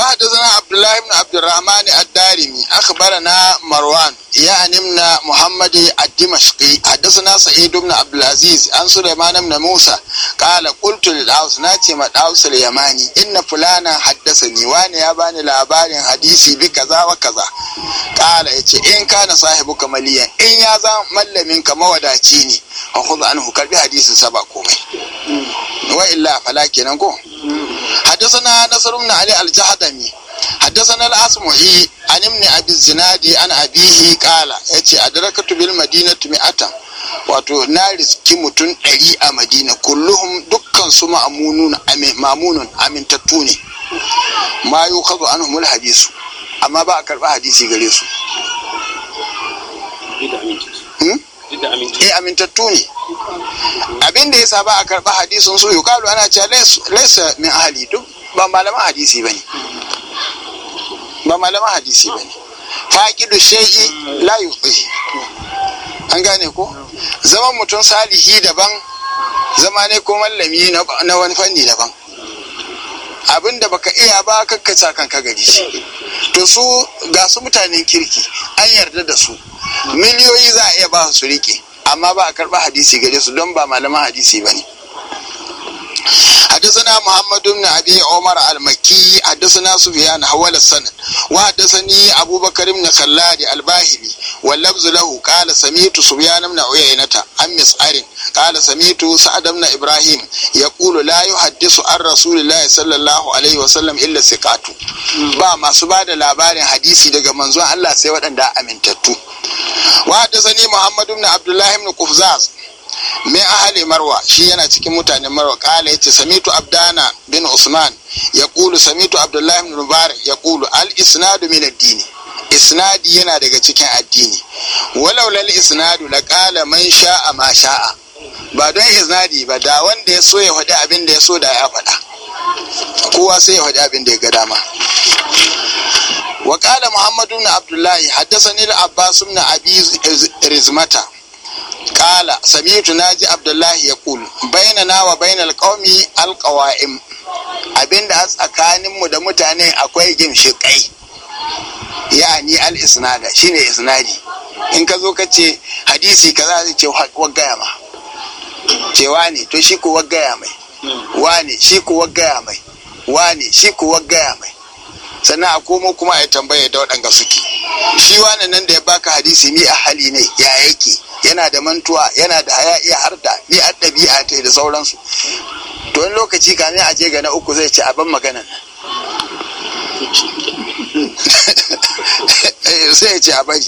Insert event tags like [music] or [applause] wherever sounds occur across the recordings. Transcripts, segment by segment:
وحدثنا عبد الله بن عبد الرحمن الدارمي اخبرنا مروان يعني من محمد الدمشقي حدثنا سعيد بن عبد العزيز عن سليمان بن موسى قال قلت للعوس ناتي ما الأوس اليماني ان فلانا حدثني وانا يا باني لاباني حديثي بكذا وكذا قال ان كان صاحبك مليا ان يا يازا مل منك موداتيني وخذ عنه كربي حديث سبق كومي وإلا فلا كنكو حدثنا نصر بن علي الجهدمي حدثنا الأصمعي عن ابن ابي الزناد عن ابيه قال اتي ادركت بالمدينه مئة wato na riski mutum ɗari a madina kulluhum dukkan su ma'amunun amintattu ne ma yi kazo an humul hadisu amma ba a karɓi hadisi gare su e amintattu ne abin da ya saba a karɓar hadisin su yi kalu ana cewa laisa min ahali duk ba malaman hadisi ba ne ba malaman hadisi ba ne faƙidu shai'i layu yuqi an gane ko zaman mutum salihi daban zama ne ko mallami na wani fanni daban abin da baka iya ba kakkaca ka gari shi to su ga su mutanen kirki an yarda da su miliyoyi za a iya ba su riƙe amma ba a karɓa hadisi gare su don ba malaman hadisi ba ne hadisuna muhammadu na abi omar al-maki hadisuna su biya na da sanin wa hadisuna yi abubakar na kalla da albahiri Wallabzulahu, ƙa'il sami'utun su bani na oyayyana ta, Amis Arin, ƙa'il sami'utun su Adamu na Ibrahim, ya kula, Layun Hadisu, Ar-Rasu, Lillahi s.w.s. illahai se katu. Ba masu ba da labarin hadisi daga manzon Allah sai waɗanda amintattu. Wa'idda Sani Muhammadu na Abdullahi Aminu Kufuza, min a marwa, shi yana cikin mutane marwa, ƙa'ilace, sami'utun Abudana bin Usman, ya kula, sami'utun Abdullahi Aminu Lubarin, ya kula, Al'isuna domin addini. isnadi yana daga cikin addini walaulal isnadu la qala man sha'a ma sha'a ba don isnadi ba da wanda ya so ya faɗi abin da ya so da ya faɗa kowa sai ya faɗi abin da ya ga dama wa qala muhammadu ibn abdullahi haddathani al-abbas ibn abi rizmata qala sami'tu naji abdullahi yaqul bainana wa bainal qaumi al-qawa'im abinda a tsakaninmu da mutane akwai kai. ya'ani al isnada shine isnadi in ka zo ka ce hadisi ka za ce waggaya ma ce wani to shi ko waggaya mai wani shi ko waggaya mai wani shi ko waggaya mai sannan a komo kuma a tambaye da waɗanga suke shi wane nan da ya baka hadisi mi a hali ne ya yake yana da mantuwa yana da haya iya da mi a ɗabi'a ta da sauransu to wani lokaci kamin a je ga na uku zai ce abin maganan nan Eh, sai ce a bari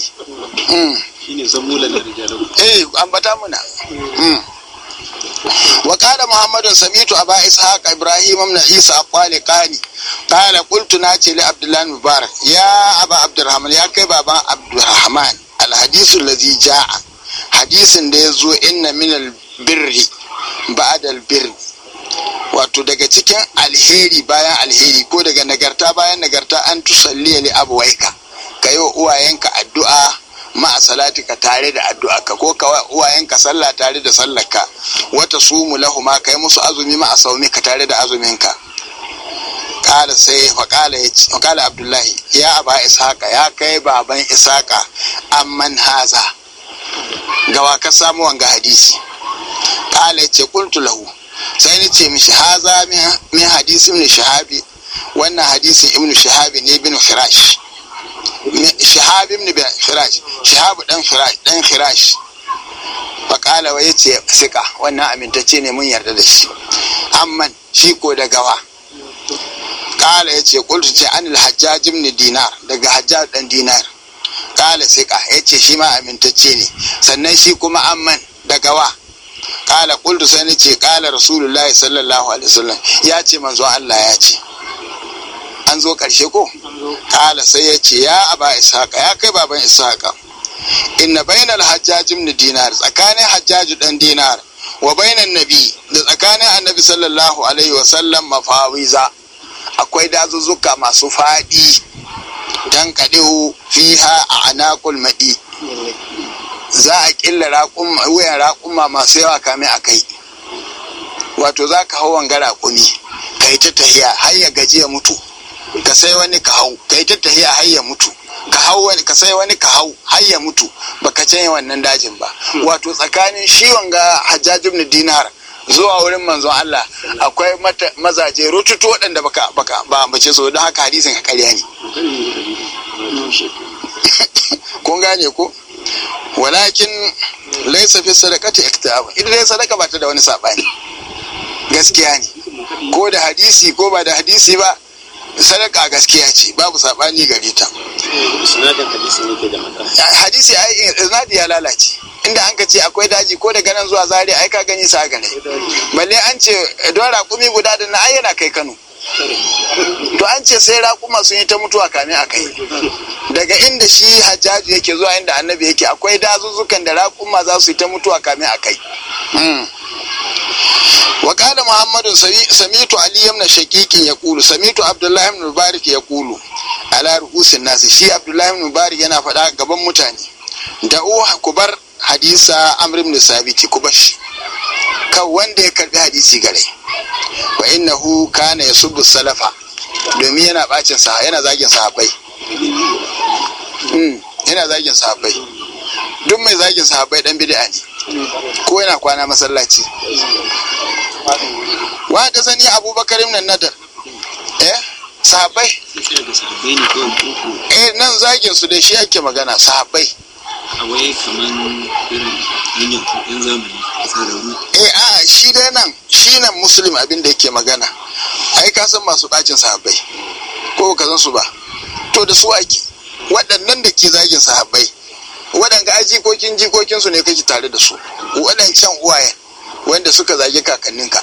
hmm. an eh, ambata muna hmm. wa kada Muhammadu samitu a ba'i sahaka ibrahim na isa a kwale kani kada kultu na ce li abdullahi mubarak ya aba abdurrahman ya kai baban abdurrahman alhadisu lazi ja'a hadisin da ya zo inna minal birri ba'adal birri wato daga cikin alheri bayan alheri ko daga nagarta bayan nagarta an tusalliya abu abuwaika ka yi wa uwayenka addu'a ma'a salatika tare da addu'a ka ko ka uwayenka sallah tare da sallarka wata sumu lahuma ka yi musu azumi ma'a ka tare da azuminka kala sai faƙala abdullahi ya aba ishaqa ya kai baban ishaqa amman haza gawa ka samu wanga hadisi kala ce qultu lahu sai ni ce mishi haza min hadisi ibn shahabi wannan hadisin ibn shahabi ne bin firash shahab ibn firash shahab dan firash dan firash faƙala wa yace sika wannan amintacce ne mun yarda da shi amman shi ko da gawa ƙala ya ce ƙultu ce an hajjaj ibn dinar daga hajjaj dan dinar ƙala sika ya ce shi ma amintacce ne sannan shi kuma amman da gawa kala kultu sai ni ce kala rasulullahi sallallahu alaihi wasallam ya ce manzo Allah ya ce an zo karshe ko kala sai ya ce ya aba ishaqa ya kai baban ishaqa inna bainal hajjaj ni dinar tsakanin hajjaji dan dinar wa bainan nabi da tsakanin annabi sallallahu alaihi wasallam mafawiza akwai dazuzzuka masu fadi dan kadihu fiha a anaqul madi za a killa wuyan raƙuma masu yawa kame a kai wato za ka hau wanga raƙumi ka yi ta tahiya har ya gaji ya mutu ka sai wani ka hau ka yi ta tahiya har mutu ka hau wani ka sai wani ka hau har ya mutu baka canye wannan dajin ba wato tsakanin shi wanga hajjaj ibn dinar zuwa wurin manzon Allah akwai mazaje rututu waɗanda ba baka ba ambace so. don haka hadisin ka ƙarya ne kun gane ko walakin laisa fi sadaqati iktiab ita dai sadaka ba ta da wani sabani gaskiya ne ko da hadisi ko ba da hadisi ba sadaka gaskiya ce babu sabani gare ta hadisi ai eh, iznadi ya lalace inda an ka ce akwai daji ko da ganin zuwa zari ai ka gani sa gane balle an ce don raƙumi guda da na ayyana yana kai Kano to an ce sai raƙuma sun yi ta mutuwa kame a kai daga inda shi hajjaji yake zuwa inda annabi yake akwai dazuzzukan da raƙuma za su yi ta mutuwa kame a kai وقال hmm. Muhammadu, Samitu علي بن شقيق ya سميت Samitu Abdullahi بن مبارك ya على رؤوس الناس nasu shi Abdullahi بن مبارك yana faɗa gaban mutane da ku bar hadisa amr ibn ku bashi kan wanda ya karbi hadisi gare wa hu kana subu salafa domin yana bacin sa yana zagin sahabbai hmm, yana zagin sahabbai duk mai zagin sahabbai dan bid'a ne ko yana kwana masallaci wa da zani abubakar ibn nadar eh sahabbai eh nan zagin su da shi yake magana sahabbai a kaman irin yin zamani eh a shi dai nan shi nan musulmi abin da yake magana ai ka san masu ɗakin sahabbai ko ka san su ba to da su ake waɗannan da ke zagin sahabbai waɗanga ai jikokin jikokinsu ne kake tare da su waɗancan uwaye wanda suka zagi kakanninka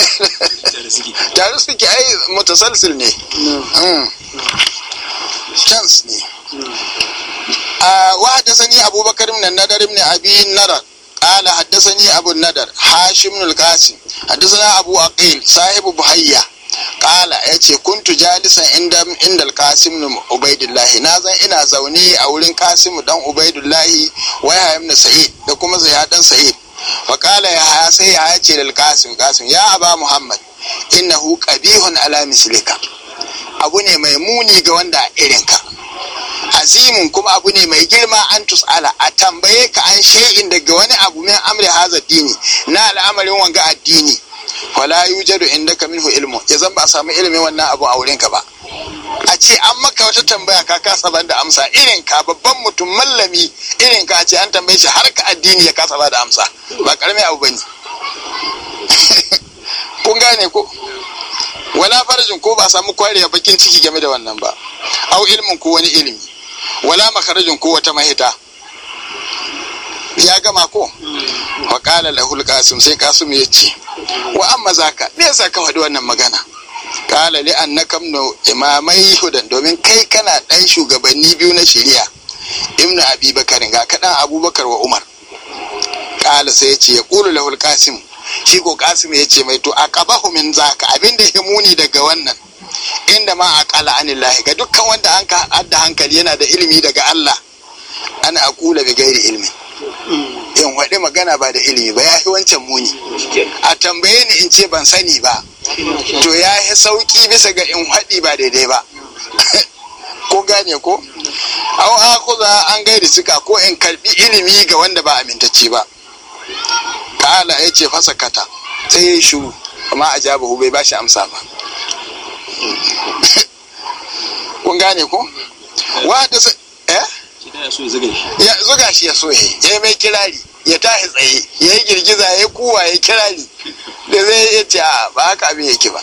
[laughs] tare suke ai mutasalsil ne mm. chance ne mm. a ah, wa hadasani abubakar min nadar ibn abi narar قال حدثني أبو الندر حاشم بن القاسم حدثنا أبو عقيل صاحب بحيه kala ya ce kuntu jalisan inda indal kasim ubaidullahi na zan ina zaune a wurin kasim dan ubaidullahi wa ya ibn sa'id da kuma ziyad dan sa'id fa kala ya haya sai ya ce lil kasim kasim ya aba muhammad innahu qabihun ala mislika abu ne mai muni ga wanda ka. azimin kuma abu ne mai girma an tus'ala a tambaye ka an shay'in daga wani abu mai amri hazardini na al'amarin wanga addini wala yujadu ka minhu ilmu ya zan ba a samu ilimi wannan abu a wurinka ba a ce an maka wata tambaya ka kasa ba da amsa irin ka babban mutum mallami irin ka a ce an tambaye shi har ka addini ya kasa ba da amsa ba karmi abu bane [laughs] kun gane ko wala farajin ko ba samu kwariya bakin ciki game da wannan ba au ilmin ko wani ilimi wala makarajin ko wata mahita ya gama ko wa qala lahul sai qasim ya ce wa amma zaka me yasa ka faɗi wannan magana kala li annaka ibnu imamai hudan domin kai kana ɗan shugabanni biyu na shari'a ibnu abubakar ga kadan abubakar wa umar qala sai ya ce ya qulu lahul qasim shi ko ya ce mai to aqabahu min zaka abinda ya muni daga wannan inda ma aqala anillahi ga dukkan wanda an ka hankali yana da ilimi daga Allah ana aqula bi gairi ilmin in waɗi magana ba da ilimi ba ya yi wancan muni a tambaye ni in ce ban sani ba to ya yi sauƙi bisa ga in haɗi ba daidai ba [laughs] ko gane ko au za an gaida suka ko in karbi ilimi ga wanda ba amintacce ba kala ya ce kata sai ya shuru amma a hu bai bashi amsa ba [laughs] kun gane ko wa da ya zuga shi ya so ya yi mai kirari ya tashi tsaye ya yi girgiza ya yi kuwa ya kirari da zai ya ce ba haka abin yake ba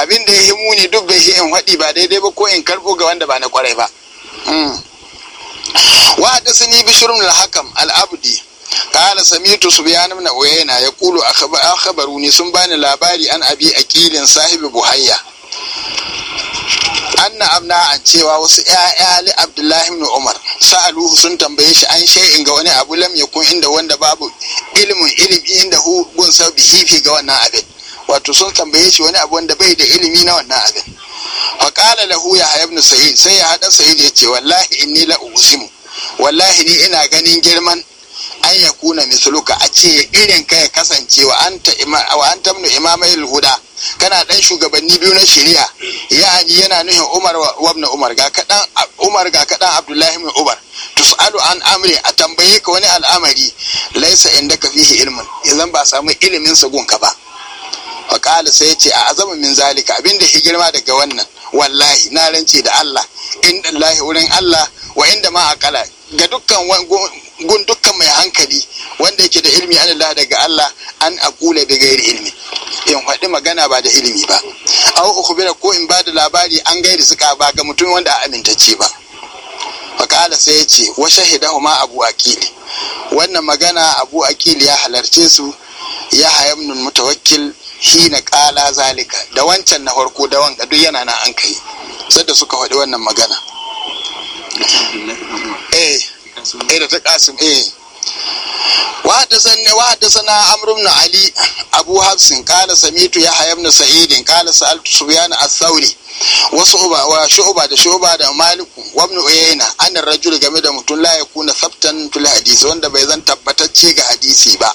abin da ya yi muni duk bai in haɗi ba daidai ba ko in karɓo ga wanda ba na kwarai ba hmm. wa hadasani bishrun al-hakam al-abdi قال na ya kulu عيينة يقول sun bani labari an abi akilin sahibu buhayya anna amna an cewa wasu 'ya'ya li abdullahi ibn umar sa'aluhu sun tambaye shi an shay'in ga wani abu lam yakun inda wanda babu ilimin ilimi inda hu gun sabihi fi ga wannan abin wato sun tambaye shi wani abu wanda bai da ilimi na wannan abin fa qala lahu ya ibn sa'id sai ya hada sa'id ya ce wallahi inni la uzimu wallahi ni ina ganin girman an yakuna misluka a ce irin ka ya anta imama wa anta ibn imamai huda kana dan shugabanni biyu na shari'a yani yana nuhin umar wabna umar ga kadan umar ga kadan abdullahi mai umar tus'alu an amri a tambaye ka wani al'amari laisa inda ka fihi ilmin idan ba samu ilimin sa gunka ba faƙala sai ya ce a azama min zalika abinda ya girma daga wannan wallahi na rance da Allah inda Allah wurin Allah wa inda ma akala ga dukkan gun dukkan mai hankali wanda yake da ilmi an daga Allah an akula da gairi ilmi in faɗi magana ba da ilimi ba ku ukhbira ko in ba da labari an yadda suka ba ga mutum wanda a amintacce ba bakala sai ya ce wa shahidahu abu akili wannan magana abu akili ya halarci su ya hayamnun mutawakkil hina kala zalika da wancan na farko da wanga duk yana na an kai sadda suka faɗi wannan magana eh eh da ta kasim eh wadda sanne wadda ali abu hafsin kala samitu ya na sa'idin kala sa'altu su biya na asauri wasu uba wa shi da shi da maliku wani oyena ana rajul game da mutum la ya kuna sabtan hadisi wanda bai zan tabbatar tabbatacce ga hadisi ba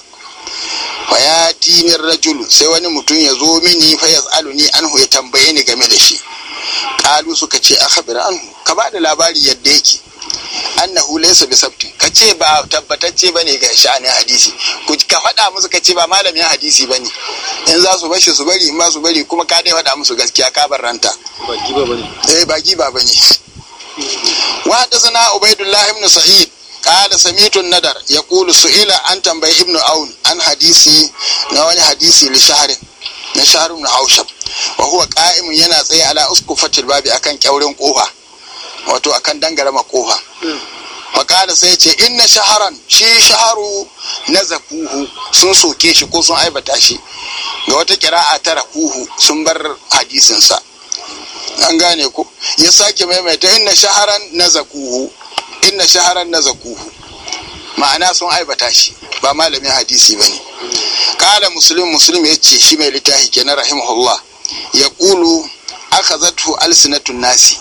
wa ya tinin rajul sai wani mutum ya zo mini fayas aluni an ya tambaye ni game da shi ƙalu suka ce a kabir an ka ba da labari yadda yake annahu laysa bi sabti kace ba tabbatacce bane ga sha'anin hadisi ku ka faɗa musu kace ba malamin hadisi bane in za su bashi su bari in ma su bari kuma ka dai faɗa musu gaskiya ka bar ranta ba giba bane eh ba giba bane wa hadathana ubaidullah ibn sa'id قال سميت الندر يقول سئل عن تنبيه ابن عون عن حديثي نواني حديثي لشهر na na haushab wa huwa qa'imun yana tsaye ala uskufatil babi akan kyauren kofa wato akan dangare makofa makala sai ce inna shaharan shi shaharu na zakuhu sun soke shi ko sun aibata shi ga wata kira'a ta rakuhu sun bar hadisinsa an gane ku ya sake maimaita inna shaharan na zakuhu inna shaharan na zakuhu ma'ana sun aibata shi ba malamin hadisi ba ne kala musulun musulun ya ce shi mai littafi kenan rahimahullah ya kulu aka zatu alsinatun nasi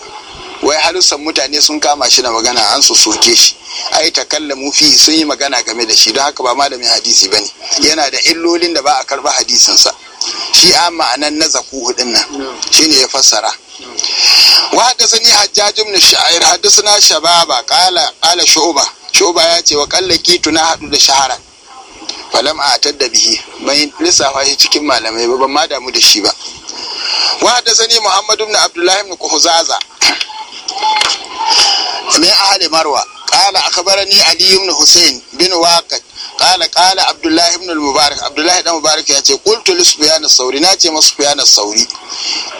wai halussan mutane sun kama shi na magana an su soke shi ai takallamu fi sun yi magana game da shi don haka ba malamin hadisi ba ne. yana da illolin da ba a karba hadisinsa shi a ma'anan na zaku hudun nan ne ya fassara na وحدثني حجاج shababa Shababa, kala Shuba, Shuba ya ce wa kalla kitu na haɗu da shahara. falam a tadda bihi bai lissafa shi cikin malamai ba ban ma damu da shi ba wa da sani muhammadu ibn abdullahi ibn kuhuzaza من أهل مروة قال أخبرني علي بن حسين بن واقد قال قال عبد الله بن المبارك عبد الله بن المبارك يأتي قلت لسفيان الثوري ناتي ما سفيان الثوري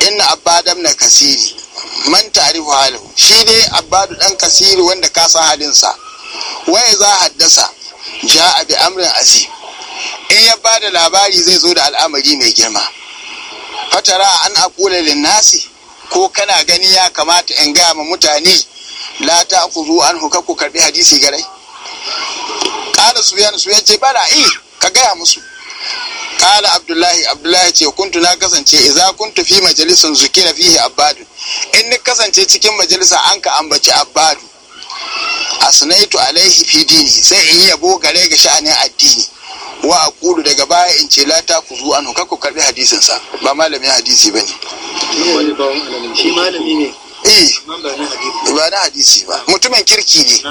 إن عباد بن كثير man ta'rifu halahu shi dai abadu ɗan kasiri wanda ka san halin wai za haddasa ja'a bi amrin azim in ya bada labari zai zo da al'amari mai girma fatara an aqula lin nasi ko kana gani ya kamata in gaya ma mutane la ta ku an huka ku karbi hadisi garai kala suyan su ce bala i eh, ka gaya musu kala abdullahi abdullahi ce kuntu na kasance idza kuntu fi majalisin zukira fihi abadu in ni kasance cikin majalisa an ka ambaci abadu asnaitu alaihi fi dini sai in yabo gare ga sha'anin addini wa aqulu daga baya in ce la ta zu anhu kakku karbi hadisin sa ba malamin hadisi bane shi malami ne eh ba na hadisi ba mutumin kirki ne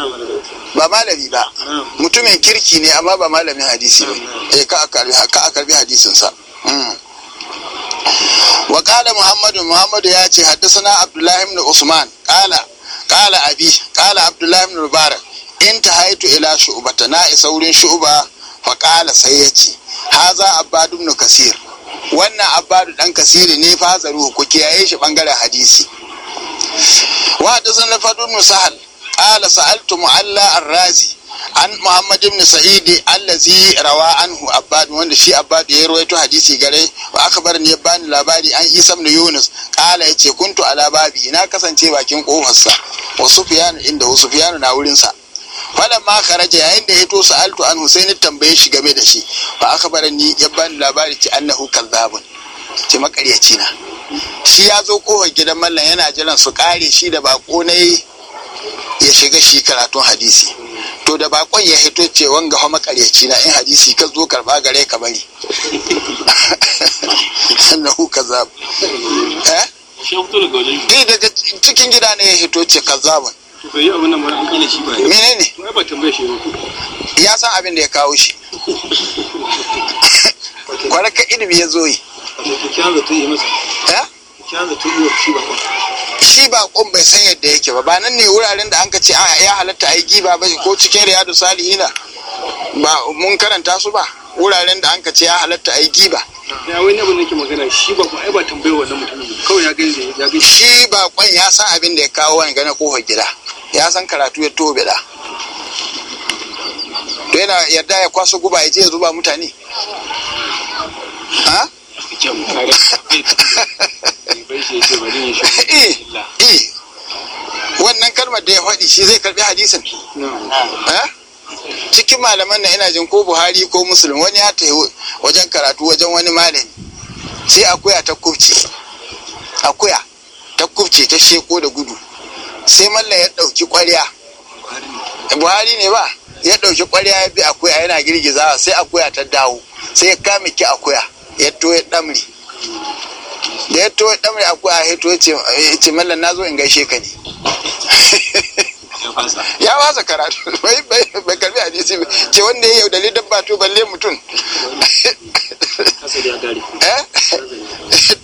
ba malami ba mutumin kirki ne amma ba malamin hadisi ba eh ka karbi ka karbi hadisin sa hmm. wa qala muhammadu muhammadu ya ce haddasa abdullahi ibn usman qala qala abi qala abdullahi ibn mubarak in ta haitu ila shu'bata na isa wurin shu'ba faƙala sai ya ce haza abadu ibn kasir wannan abadu dan kasiri ne fa ku kiyaye shi bangaren hadisi wa hadathana fadu ibn sahal qala sa'altu mu'alla ar-razi an muhammad ibn sa'idi allazi rawa anhu abadu wanda shi abadu ya rawaito hadisi gare wa akbar ne bani labari an isa ibn yunus qala yace kuntu ala babi na kasance bakin kofarsa wa sufyan inda sufyan na wurin sa falan ma kharaja yayin da ya to sa'altu anhu sai ni tambaye shi game da shi fa ni ya bani labari ci annahu kazzabun ce makaryaci na shi ya zo kowa gidan mallan yana jiran su kare shi da bako ne ya shiga shi karatun hadisi to da bakon ya hito ce wanga fa makaryaci na in hadisi ka zo karba gare ka bari [laughs] annahu kazzab eh daga cikin gida ne ya hito ce kazzabun bai abin shi ba ba tambaye shi ba ya san abin da ya kawo shi kwaraka [laughs] ilimi ya zo yi eh? shi ba kun bai san yadda yake ba ba nan ne wuraren da an ka ce ah, ya halatta aiki ba ba ko cikin riyadu salihina ba mun karanta su ba wuraren da an ka ce ya halatta aiki ba ya wani abu magana shi ba kun ai ba wannan kawai ya ya gani shi ba kun ya san abin da ya kawo wani gane kofar gida ya san karatu ya tobe da to yana yadda ya kwaso guba ya je ya zuba mutane [laughs] eh, eh. wannan kalmar da ya faɗi shi zai karbi hadisin cikin malaman na ina jin ko buhari ko musulun wani ya tafi wajen karatu wajen wani malami sai akuya ta kubce akuya ta kubce ta sheko da gudu sai mallan ya ɗauki ƙwarya buhari ne ba ya ɗauki ƙwarya ya bi akuya yana girgizawa sai akuya ta dawo sai ya kame ki akuya ya to ya ɗamri da ya to ya ɗamri akuya ya to ya ce mallan na zo in gaishe ka ne ya wasa karatu bai [laughs] bai bai karbi hadisi ce wanda ya yaudali dabba to balle mutum [laughs] eh?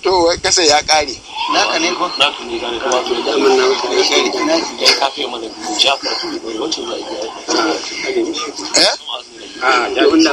to kasa ya kare naka ne ko naka ne gane